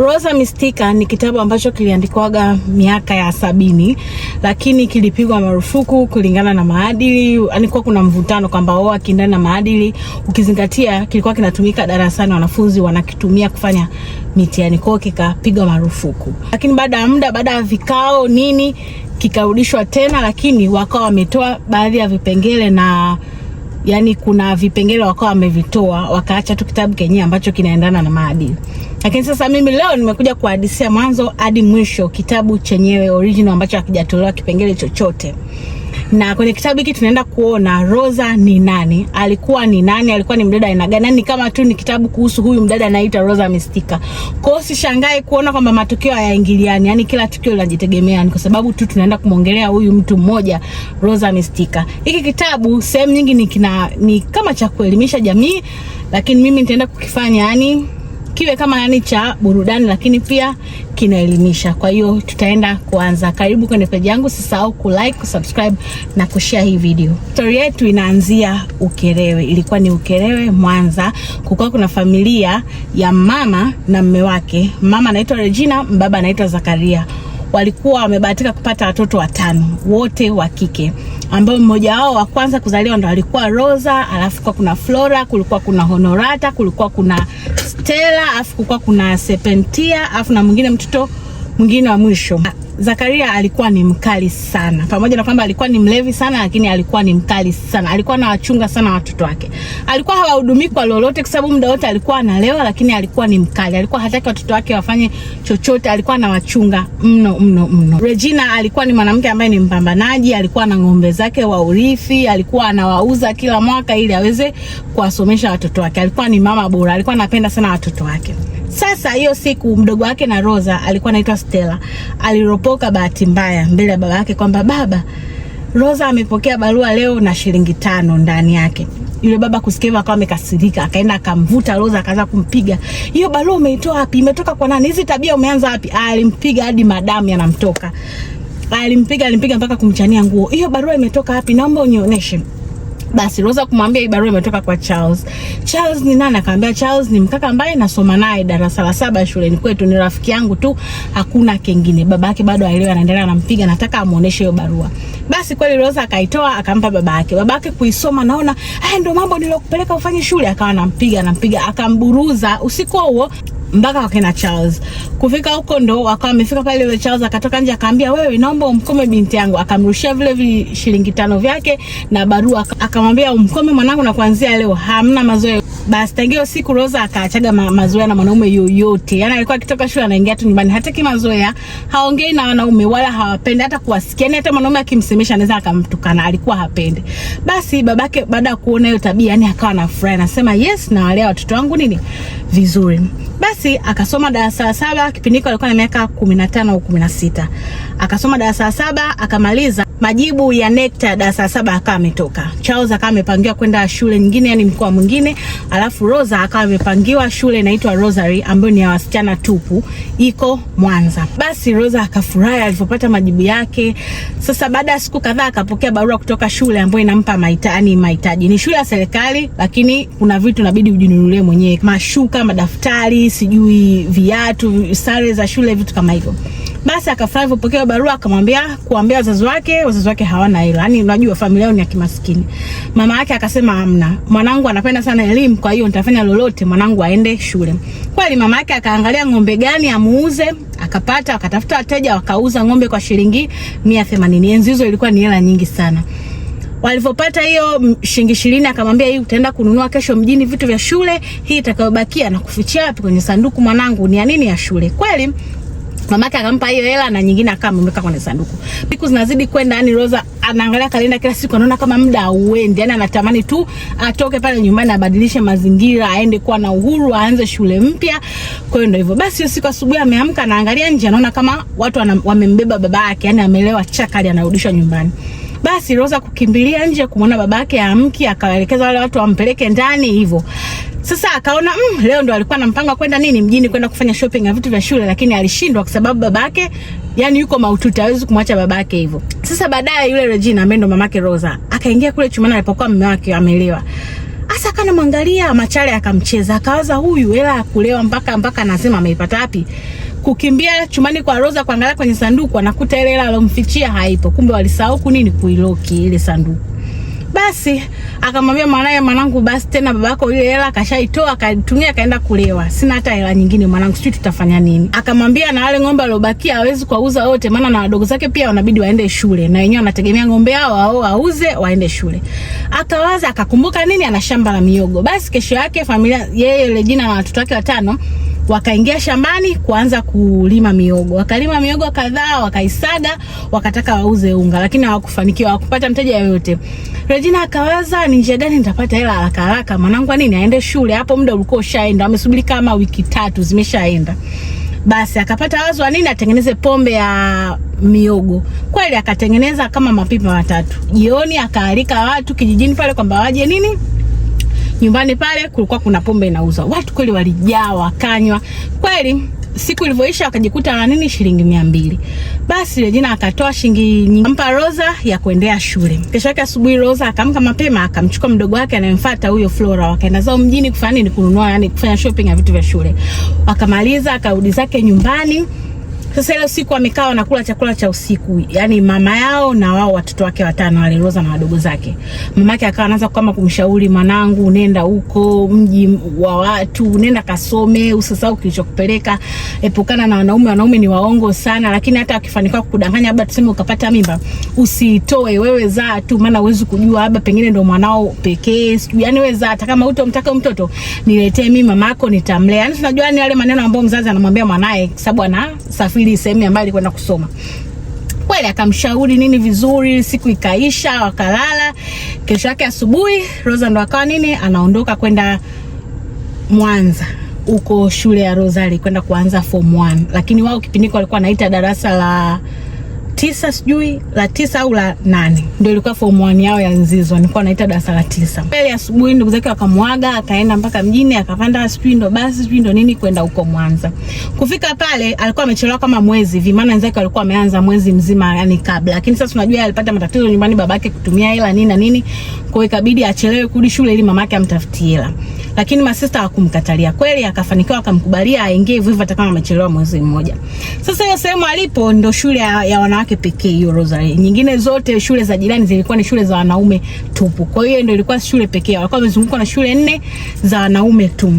Rosa Mistika ni kitabu ambacho kiliandikwaga miaka ya sabini, lakini kilipigwa marufuku kulingana na maadili. Alikuwa yaani kuna mvutano kwamba wao oh, akiendana na maadili, ukizingatia kilikuwa kinatumika darasani, wanafunzi wanakitumia kufanya mitihani, kwao kikapigwa marufuku. Lakini baada ya muda, baada ya vikao nini, kikarudishwa tena, lakini wakawa wametoa baadhi ya vipengele na yani kuna vipengele wakawa wamevitoa wakaacha tu kitabu kenyewe ambacho kinaendana na maadili. Lakini sasa mimi leo nimekuja kuhadisia mwanzo hadi mwisho kitabu chenyewe original ambacho hakijatolewa kipengele chochote na kwenye kitabu hiki tunaenda kuona Rosa ni nani, alikuwa ni nani, alikuwa ni mdada aina gani, ni yaani kama tu ni kitabu kuhusu huyu mdada anaitwa Rosa Mistika. Kwa hiyo sishangae kuona kwamba matukio hayaingiliani, yani kila tukio linajitegemeani, kwa sababu tu tunaenda kumwongelea huyu mtu mmoja Rosa Mistika. Hiki kitabu sehemu nyingi ni, kina, ni kama cha kuelimisha jamii, lakini mimi nitaenda kukifanya yani kiwe kama yani cha burudani, lakini pia kinaelimisha. Kwa hiyo tutaenda kuanza. Karibu kwenye peji yangu, usisahau ku subscribe na kushare hii video. Stori yetu inaanzia Ukerewe, ilikuwa ni Ukerewe Mwanza. kukuwa kuna familia ya mama na mme wake, mama anaitwa Regina, baba anaitwa Zakaria walikuwa wamebahatika kupata watoto watano wote wa kike, ambao mmoja wao wa kwanza kuzaliwa ndo alikuwa Rosa, alafu kuna Flora, kulikuwa kuna Honorata, kulikuwa kuna Stella, alafu kulikuwa kuna Serpentia, alafu na mwingine mtoto mwingine wa mwisho Zakaria alikuwa ni mkali sana, pamoja na kwamba alikuwa ni mlevi sana, lakini alikuwa ni mkali sana. Alikuwa anawachunga sana watoto wake, alikuwa hawahudumii kwa lolote, kwa sababu muda wote alikuwa analewa, lakini alikuwa ni mkali, alikuwa hataki watoto wake wafanye chochote, alikuwa anawachunga mno mno mno. Regina alikuwa ni mwanamke ambaye ni mpambanaji, alikuwa na ng'ombe zake wa urithi, alikuwa anawauza kila mwaka ili aweze kuwasomesha watoto wake. Alikuwa ni mama bora, alikuwa anapenda sana watoto wake. Sasa hiyo siku mdogo wake na Rosa alikuwa anaitwa Stella, aliropoka bahati mbaya mbele ya baba yake kwamba baba, Rosa amepokea barua leo na shilingi tano ndani yake. Yule baba kusikia akawa amekasirika, akaenda akamvuta Rosa, akaanza kumpiga. Hiyo barua umeitoa wapi? Imetoka kwa nani? Hizi tabia umeanza wapi? Alimpiga hadi madamu yanamtoka, alimpiga alimpiga mpaka kumchania nguo. Hiyo barua imetoka wapi? Naomba unionyeshe. Basi Rosa kumwambia hii barua imetoka kwa Charles. Charles ni nani? Akamwambia Charles ni mkaka ambaye nasoma naye darasa la saba shuleni kwetu, ni rafiki yangu tu, hakuna kingine. Babake bado haelewi, anaendelea anampiga, nataka amuoneshe hiyo barua. Basi kweli Rosa akaitoa akampa babake. Babake kuisoma, naona haya ndio mambo nilokupeleka ufanye shule, akawa anampiga anampiga, akamburuza usiku huo mpaka wakena Charles. Kufika huko ndo akawa amefika pale, yule Charles akatoka nje akaambia, wewe naomba umkome binti yangu. Akamrushia vile vile shilingi tano vyake na barua, akamwambia umkome mwanangu, na kuanzia leo hamna mazoea. Basi tangio siku Rosa akaachaga ma mazoea na mwanaume yoyote, Yaani alikuwa akitoka shule anaingia tu nyumbani, hataki mazoea, haongei na wanaume wala hawapendi hata kuwasikia. kuwasikiani, hata mwanaume akimsemesha anaweza akamtukana, alikuwa hapendi. Basi babake baada ya kuona hiyo tabia, yani akawa na furaha, anasema yes, na walea watoto wangu nini vizuri. Basi basi akasoma darasa la saba, kipindi hiko alikuwa na miaka kumi na tano au kumi na sita akasoma darasa la saba akamaliza majibu ya NECTA darasa saba akawa ametoka. Charles akawa amepangiwa kwenda shule nyingine, yani mkoa mwingine, alafu Rosa akawa amepangiwa shule inaitwa Rosary ambayo ni ya wasichana tupu, iko Mwanza. Basi Rosa akafurahi alipopata majibu yake. Sasa baada ya siku kadhaa akapokea barua kutoka shule ambayo inampa mahitaji, mahitaji. Ni shule ya serikali lakini kuna vitu inabidi ujinunulie mwenyewe, mashuka, madaftari, sijui viatu, sare za shule, vitu kama hivyo. Basi akafurahi kupokea barua, akamwambia kuambia wazazi wake, wazazi wake hawana hela. yani unajua familia yao ni ya kimaskini. Mama yake akasema amna, Mwanangu anapenda sana elimu, kwa hiyo nitafanya lolote mwanangu aende shule. Kweli mama yake akaangalia ng'ombe gani amuuze, akapata, akatafuta wateja, wakauza ng'ombe kwa shilingi 180. Enzi hizo ilikuwa ni hela nyingi sana. Walivyopata hiyo shilingi ishirini, akamwambia hii utaenda kununua kesho mjini vitu vya shule, hii itakayobakia na kufichia wapi kwenye sanduku mwanangu, ni ya nini ya shule. Kweli Mamake akampa hiyo hela na nyingine akawa ameweka kwenye sanduku. Siku zinazidi kwenda, yani Roza anaangalia kalenda kila siku, anaona kama muda uende, yani anatamani tu atoke pale nyumbani abadilishe mazingira, aende kuwa na uhuru, aanze shule mpya. Kwa hiyo ndio hivyo. Basi siku asubuhi ameamka, anaangalia nje, anaona kama watu wamembeba baba yake, yani amelewa chakali, anarudishwa nyumbani. Basi Rosa kukimbilia nje kumwona babake amki, akawaelekeza wale watu wampeleke ndani hivyo. Sasa akaona mm, leo ndo alikuwa na mpango wa kwenda nini mjini kwenda kufanya shopping ya vitu vya shule, lakini alishindwa kwa sababu babake yani yuko maututi, hawezi kumwacha babake hivyo. Sasa baadaye yule Regina ambaye ndo mamake Rosa akaingia kule chumani alipokuwa mume wake amelewa. Sasa kana mwangalia Machale akamcheza, akawaza huyu hela ya kulewa mpaka mpaka anasema ameipata wapi? Kukimbia chumani kwa Rosa kuangalia kwenye sanduku, anakuta ile hela alomfichia haipo, kumbe walisahau kunini kuiloki ile sanduku basi akamwambia mwanaye, mwanangu, basi tena babako ile hela kashaitoa akatumia kaenda kulewa, sina hata hela nyingine mwanangu, sijui tutafanya nini. Akamwambia na wale ng'ombe waliobakia hawezi kuuza wote, maana na wadogo zake pia wanabidi waende shule, na wenyewe wanategemea ng'ombe hao wao wauze waende shule. Akawaza akakumbuka nini, ana shamba la miogo. Basi kesho yake familia yeye ile jina na watoto wake watano wakaingia shambani kuanza kulima miogo. Wakalima miogo kadhaa, wakaisaga, wakataka wauze unga, lakini hawakufanikiwa, hawakupata mteja yoyote. Regina akawaza ni njia gani nitapata hela haraka haraka, mwanangu nini aende shule. Hapo muda ulikuwa ushaenda, amesubiri kama wiki tatu zimeshaenda. Basi akapata wazo nini atengeneze pombe ya miogo. Kweli akatengeneza kama mapipa matatu. Jioni akaalika watu kijijini pale kwamba waje nini nyumbani pale kulikuwa kuna pombe inauzwa, watu kweli walijaa wakanywa kweli. Siku ilivyoisha akajikuta na nini, shilingi mia mbili. Basi Regina akatoa shilingi nyingi ampa Rosa ya kuendea shule. Kesho yake asubuhi Rosa akamka mapema akamchukua mdogo wake anayemfuata huyo Flora, wakaenda zao mjini kufanya nini, kununua yani kufanya shopping ya vitu vya shule. Wakamaliza akarudi zake nyumbani sasa ile siku amekaa anakula chakula cha usiku, yani mama yao na wao watoto wake watano wale Roza na wadogo zake. mama yake akawa anaanza kama kumshauri, mwanangu, nenda huko mji wa watu, nenda kasome, usisahau kilichokupeleka, epukana na wanaume. Wanaume ni waongo sana, lakini hata akifanikiwa kukudanganya, labda tuseme ukapata mimba, usitoe wewe, zaa tu, maana huwezi kujua, labda pengine ndio mwanao pekee, sijui. Yani wewe zaa, hata kama utomtaka mtoto, niletee mimi mamako, nitamlea. Yani tunajua ni yale maneno ambayo mzazi anamwambia mwanae, sababu ana safi kusafiri sehemu ya mbali kwenda kusoma kweli akamshauri nini vizuri, siku ikaisha, wakalala. Kesho yake asubuhi, Rosa ndo akawa nini anaondoka kwenda Mwanza huko shule ya Rosari kwenda kuanza form 1, lakini wao kipindi walikuwa wanaita darasa la tisa sijui la tisa au la nane, ndio ilikuwa form one yao ya Nzizo, nilikuwa naita darasa la tisa. Pale asubuhi ndugu zake wakamwaga, akaenda mpaka mjini, akapanda sijui ndo basi sijui ndo nini kwenda huko Mwanza. Kufika pale alikuwa amechelewa kama mwezi hivi, maana wenzake walikuwa wameanza mwezi mzima yani kabla, lakini sasa tunajua alipata matatizo nyumbani, babake kutumia hela nini na nini, kwa hiyo ikabidi achelewe kurudi shule ili mamake amtafutie hela lakini masista hakumkatalia kweli, akafanikiwa akamkubalia aingie hivyo hivyo, hata kama amechelewa mwezi mmoja. Sasa hiyo sehemu alipo ndo shule ya, ya wanawake pekee hiyo Rosary, nyingine zote shule za jirani zilikuwa ni shule za wanaume tupu. Kwa hiyo ndio ilikuwa shule pekee, walikuwa wamezungukwa na shule nne za wanaume tu.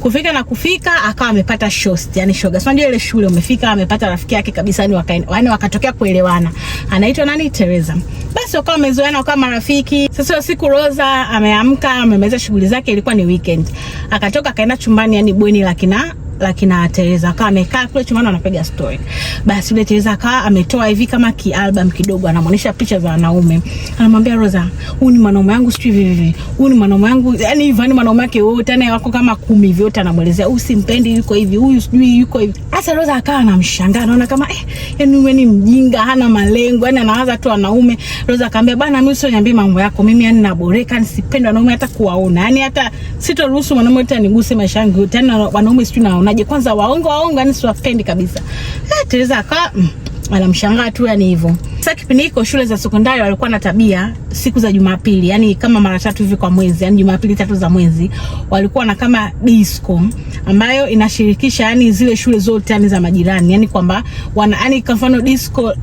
Kufika na kufika akawa amepata shost, yani shoga. Sio ndio ile shule umefika amepata rafiki yake kabisa, yani waka yani wakatokea kuelewana. Anaitwa nani? Teresa. Basi wakawa wamezoeana wakawa marafiki. Sasa siku Rosa ameamka, amemaliza shughuli zake, ilikuwa ni weekend. Akatoka akaenda chumbani, yani bweni la kina lakini kina Tereza amekaa kule chumbani anapiga story. Basi yule Tereza kaa ametoa hivi kama ki album kidogo, anamuonesha picha za wanaume, anamwambia Rosa, huyu ni mwanaume wangu sio hivi hivi, huyu ni mwanaume wangu yani hivi, ni yaani mwanaume wake wote, naye wako kama kumi vyote, anamwelezea huyu simpendi, yuko hivi, huyu sijui yuko hivi. Sasa Rosa akawa anamshangaa, anaona kama eh, yani wewe ni mjinga, hana malengo, yani anawaza tu wanaume. Rosa akamwambia bana, mimi sio niambie mambo yako, mimi yani naboreka, nisipende yaani wanaume hata kuwaona, yani hata sitoruhusu mwanaume hata niguse maisha yangu tena yaani wanaume sijui naona wasemaje? Kwanza waongo waongo, yani siwapendi kabisa. Eh, akawa mm anamshangaa tu, yani hivyo. Sasa kipindi hiko shule za sekondari walikuwa na tabia siku za Jumapili, yani kama mara tatu hivi kwa mwezi, yani Jumapili tatu za mwezi, walikuwa na kama disco ambayo inashirikisha yani zile shule zote yani za majirani, yani kwamba wana yani kwa mfano disco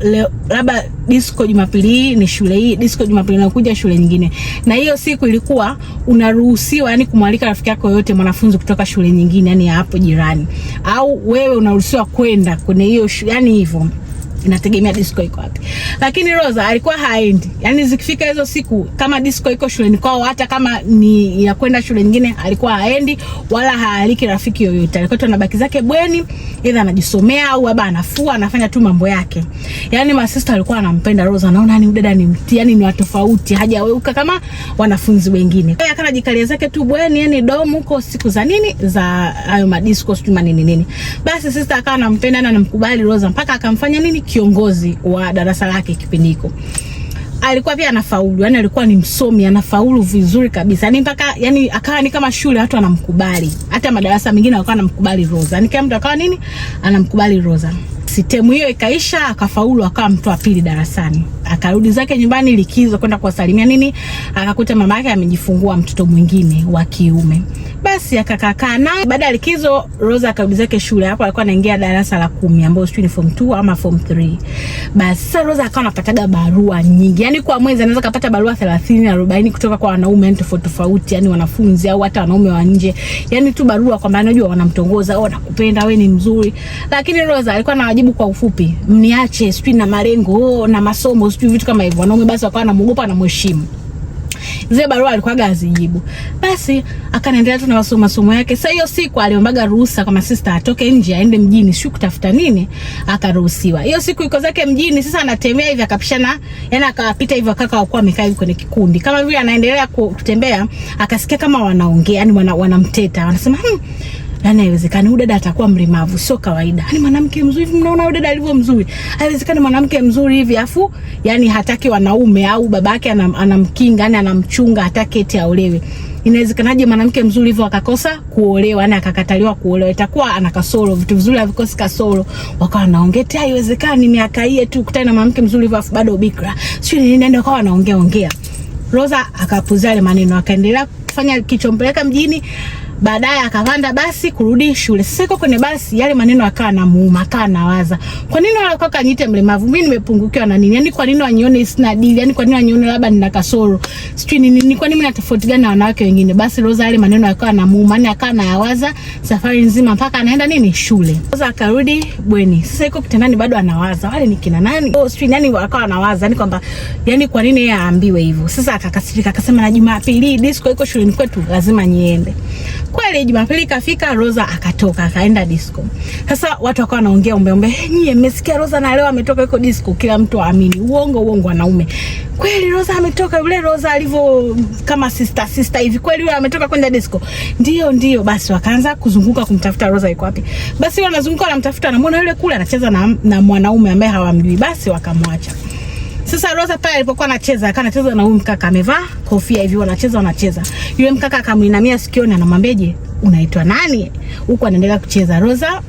labda disco Jumapili hii ni shule hii, disco Jumapili inakuja shule nyingine. Na hiyo siku ilikuwa unaruhusiwa yani kumwalika rafiki yako yote mwanafunzi kutoka shule nyingine yani hapo jirani, au wewe unaruhusiwa kwenda kwenye hiyo yani hivyo inategemea disco iko wapi, lakini Rosa alikuwa haendi. Yani zikifika hizo siku kama disco iko shuleni kwao, hata kama ni ya kwenda shule nyingine, alikuwa haendi wala haaliki rafiki yoyote. Alikuwa tu anabaki zake bweni, either anajisomea au baba anafua, anafanya tu mambo yake. Yani masista alikuwa anampenda Rosa, naona ni mdada ni mti, yani ni wa tofauti, hajaweuka kama wanafunzi wengine. Kwa hiyo jikalia zake tu bweni, yani dom huko siku za nini za hayo madisco sijui nini nini. Basi sista akawa anampenda na anamkubali Rosa mpaka akamfanya nini kiongozi wa darasa lake kipindi hiko alikuwa pia anafaulu, yani alikuwa ni msomi, anafaulu vizuri kabisa, yani mpaka yani akawa ni kama shule watu anamkubali, hata madarasa mengine alikuwa anamkubali Rosa, yani kila mtu akawa nini anamkubali Rosa. Sitemu hiyo ikaisha, akafaulu akawa mtu wa pili darasani akarudi zake nyumbani likizo kwenda kuwasalimia nini, akakuta mama yake amejifungua mtoto mwingine wa kiume. Basi akakaa naye. Baada ya likizo, Rosa akarudi zake shule. Hapo alikuwa anaingia darasa la kumi, ambao sijui ni form 2 ama form 3. Basi sasa Rosa akawa anapataga barua nyingi, yani kwa mwezi anaweza kupata barua 30 40 kutoka kwa wanaume yaani tofauti tofauti, yani wanafunzi au hata wanaume wa nje, yani tu barua kwa maana unajua wanamtongoza au oh, wanakupenda, wewe ni mzuri. Lakini Rosa alikuwa anawajibu kwa ufupi, mniache, sijui na malengo oh, na masomo sijui vitu kama hivyo. Wanaume basi wakawa namuogopa, mheshimu zile barua alikuwa azijibu. Basi akaendelea tu na masomo masomo yake. Sasa hiyo siku aliombaga ruhusa kwa masista atoke nje aende mjini, sio kutafuta nini, akaruhusiwa. Hiyo siku iko zake mjini, sasa anatembea hivi akapishana, yani akapita hivi akaka walikuwa wamekaa kwenye kikundi. Kama vile anaendelea kutembea, akasikia kama wanaongea, yani wanamteta. wana Wanasema, "Hmm, Yaani haiwezekani huyu dada atakuwa mlemavu, sio kawaida. Yani mwanamke mzuri hivi, mnaona huyu dada alivyo mzuri. Haiwezekani mwanamke mzuri hivi afu yani hataki wanaume au babake anam, anamkinga, yani anamchunga hataki eti aolewe. Inawezekanaje mwanamke mzuri hivyo akakosa kuolewa, yani akakataliwa kuolewa? Itakuwa ana kasoro, vitu vizuri havikosi kasoro. Wakawa wanaongea eti haiwezekani miaka hii tu kutana na mwanamke mzuri hivyo afu bado bikra. Sio nini nenda wakawa wanaongea ongea. Rosa akapuzale maneno akaendelea kufanya kichompeleka mjini baadaye akapanda basi kurudi shule. Sasa yuko kwenye basi, yale maneno akawa namuuma, akawa nawaza, kwa nini wale kaka niite mlemavu, mimi nimepungukiwa na nini? Yani kwa nini wanione sina dili? Yani kwa nini wanione labda nina kasoro sijui ni nini, kwa nini mimi na tofauti gani na wanawake wengine? Basi Rosa yale maneno yaani akawa namuuma, yani akawa nayawaza safari nzima mpaka anaenda nini shule. Rosa akarudi bweni, sasa yuko kitandani bado anawaza, wale ni kina nani? Oh, sijui nani, akawa anawaza yani kwamba yani kwa nini yeye aambiwe hivyo. Sasa akakasirika, akasema na Jumapili disco iko shuleni kwetu, lazima niende. Kweli Jumapili kafika, Roza akatoka akaenda disco. Sasa watu wakawa wanaongea umbe umbe, nyie mmesikia Roza na leo ametoka yuko disco, kila mtu aamini. Uongo uongo wanaume. Kweli Roza ametoka, yule Roza alivyo kama sister sister hivi. Kweli yule ametoka kwenda disco. Ndio ndio, basi wakaanza kuzunguka kumtafuta Roza yuko wapi. Basi wanazunguka wanamtafuta, anamwona yule kule anacheza na, na mwanaume ambaye hawamjui. Basi wakamwacha. Sasa Rosa pale alipokuwa anacheza, akawa anacheza na huyu mkaka amevaa kofia hivi, wanacheza wanacheza. Yule mkaka akamuinamia sikioni, anamwambia je, unaitwa nani? Huko anaendelea kucheza Rosa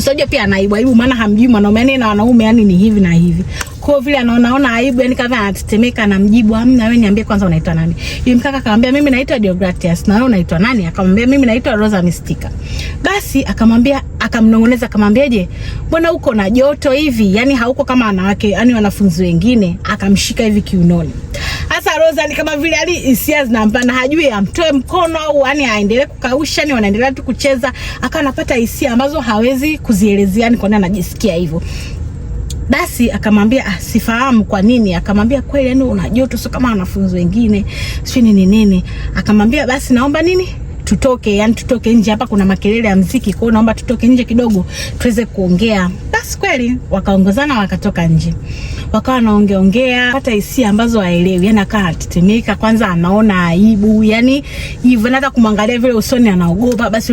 Soja pia anaibu aibu, maana hamjui mwanaume yani, na wanaume yani ni hivi na hivi. Kwa vile anaona ona aibu yani, kama anatetemeka, mjibu, amna, wewe niambie kwanza unaitwa nani? Yule mkaka akamwambia mimi naitwa Deogratias, na wewe unaitwa nani? Akamwambia mimi naitwa Rosa Mistika. Basi akamwambia akamnong'oneza, akamwambia je, mbona uko na joto hivi? Yani hauko kama wanawake yani wanafunzi wengine. Akamshika hivi kiunoni sasa Rosa ni kama vile ali hisia zinampa na hajui amtoe mkono au yani aendelee kukausha, ni wanaendelea tu kucheza, akawa anapata hisia ambazo hawezi kuzielezea, ni kwa nini anajisikia hivyo. Basi akamwambia ah, sifahamu kwa nini, akamwambia kweli, yani una joto, sio kama wanafunzi wengine, sio nini nini. Akamwambia basi naomba nini tutoke, yani tutoke nje, hapa kuna makelele ya mziki, kwa hiyo naomba tutoke nje kidogo tuweze kuongea. Basi kweli wakaongozana wakatoka nje, wakawa wanaongea ongea, hata hisia ambazo haelewi, yani akaa anatetemeka, kwanza anaona aibu, yani hivyo, na hata kumwangalia vile usoni anaogopa. Basi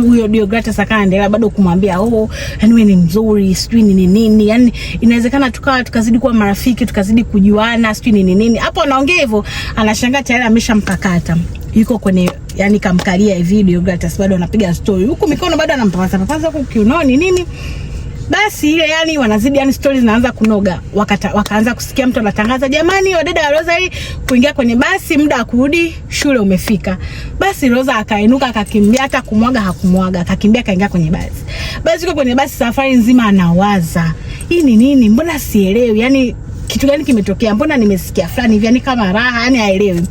huyo Deogratus akaa anaendelea bado kumwambia oh, yani wewe ni mzuri, sijui ni nini, yani inawezekana tukawa tukazidi kuwa marafiki, tukazidi kujuana, sijui ni nini. Hapo anaongea hivyo, anashangaa tayari ameshamkakata yuko kwenye yani kamkalia video Gratus, bado anapiga story huku mikono bado anampapasa papasa huku kiunoni nini basi ile yani wanazidi yani stories zinaanza kunoga. Wakata, wakaanza kusikia mtu anatangaza jamani, wadada wa Rosa hii kuingia kwenye basi, muda wa kurudi shule umefika. Basi Rosa akainuka akakimbia, hata kumwaga hakumwaga, akakimbia kaingia kwenye basi. Basi yuko kwenye basi safari nzima anawaza, hii ni nini? Mbona sielewi? Yani kitu gani kimetokea? Mbona nimesikia fulani hivi, yani kama raha, yani haelewi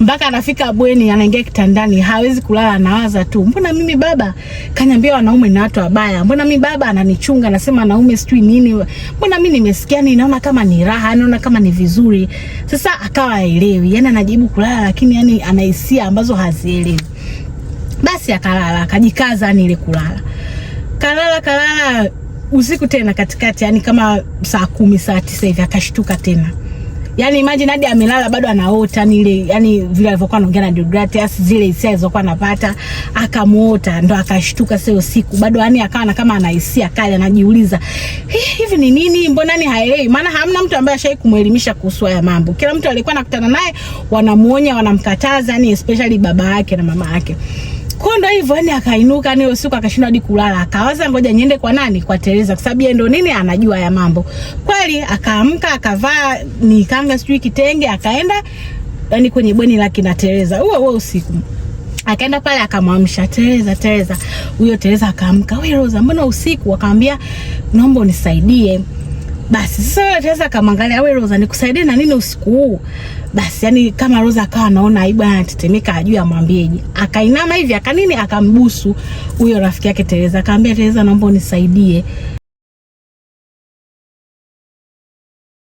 mpaka anafika bweni, anaingia kitandani, hawezi kulala, anawaza tu, mbona mimi baba kanyambia wanaume na watu wabaya, mbona mimi baba ananichunga, anasema wanaume sijui nini, mbona mimi nimesikia ni naona kama ni raha, naona kama ni vizuri. Sasa akawa haelewi, yani anajibu kulala, lakini yani ana hisia ambazo hazielewi. Basi akalala, akajikaza ni yaani ile kulala, kalala kalala usiku tena katikati, yani kama saa kumi saa tisa hivi akashtuka tena yani imagine hadi amelala bado anaota nile, yani vile alivyokuwa anaongea na Deogratias, zile hisia alizokuwa anapata, akamuota ndo akashtuka sio siku bado, yani akawa kama ana hisia kali, anajiuliza hivi ni nini, mbona ni yaani haelewi? Maana hamna mtu ambaye ashai kumwelimisha kuhusu haya mambo. Kila mtu alikuwa anakutana naye wanamuonya, wanamkataza, yani especially baba yake na mama yake. Kwa ndo hivyo yani, akainuka ni usiku akashindwa hadi kulala, akawaza ngoja niende kwa nani, kwa Teresa, kwa sababu yeye ndo nini anajua ya mambo. Kweli akaamka akavaa ni kanga sijui kitenge, akaenda yani kwenye bweni la kina Teresa huo huo usiku akaenda pale akamwamsha Teresa. Teresa huyo Teresa akaamka, wewe Rosa, mbona usiku? Akamwambia naomba unisaidie basi sasa yule ataweza akamwangalia, we rosa nikusaidie na nini usiku huu? Basi yani kama rosa akawa anaona aibu, anatetemeka, ajui amwambieje, akainama hivi akanini, akambusu huyo rafiki yake Tereza, akaambia Tereza, naomba unisaidie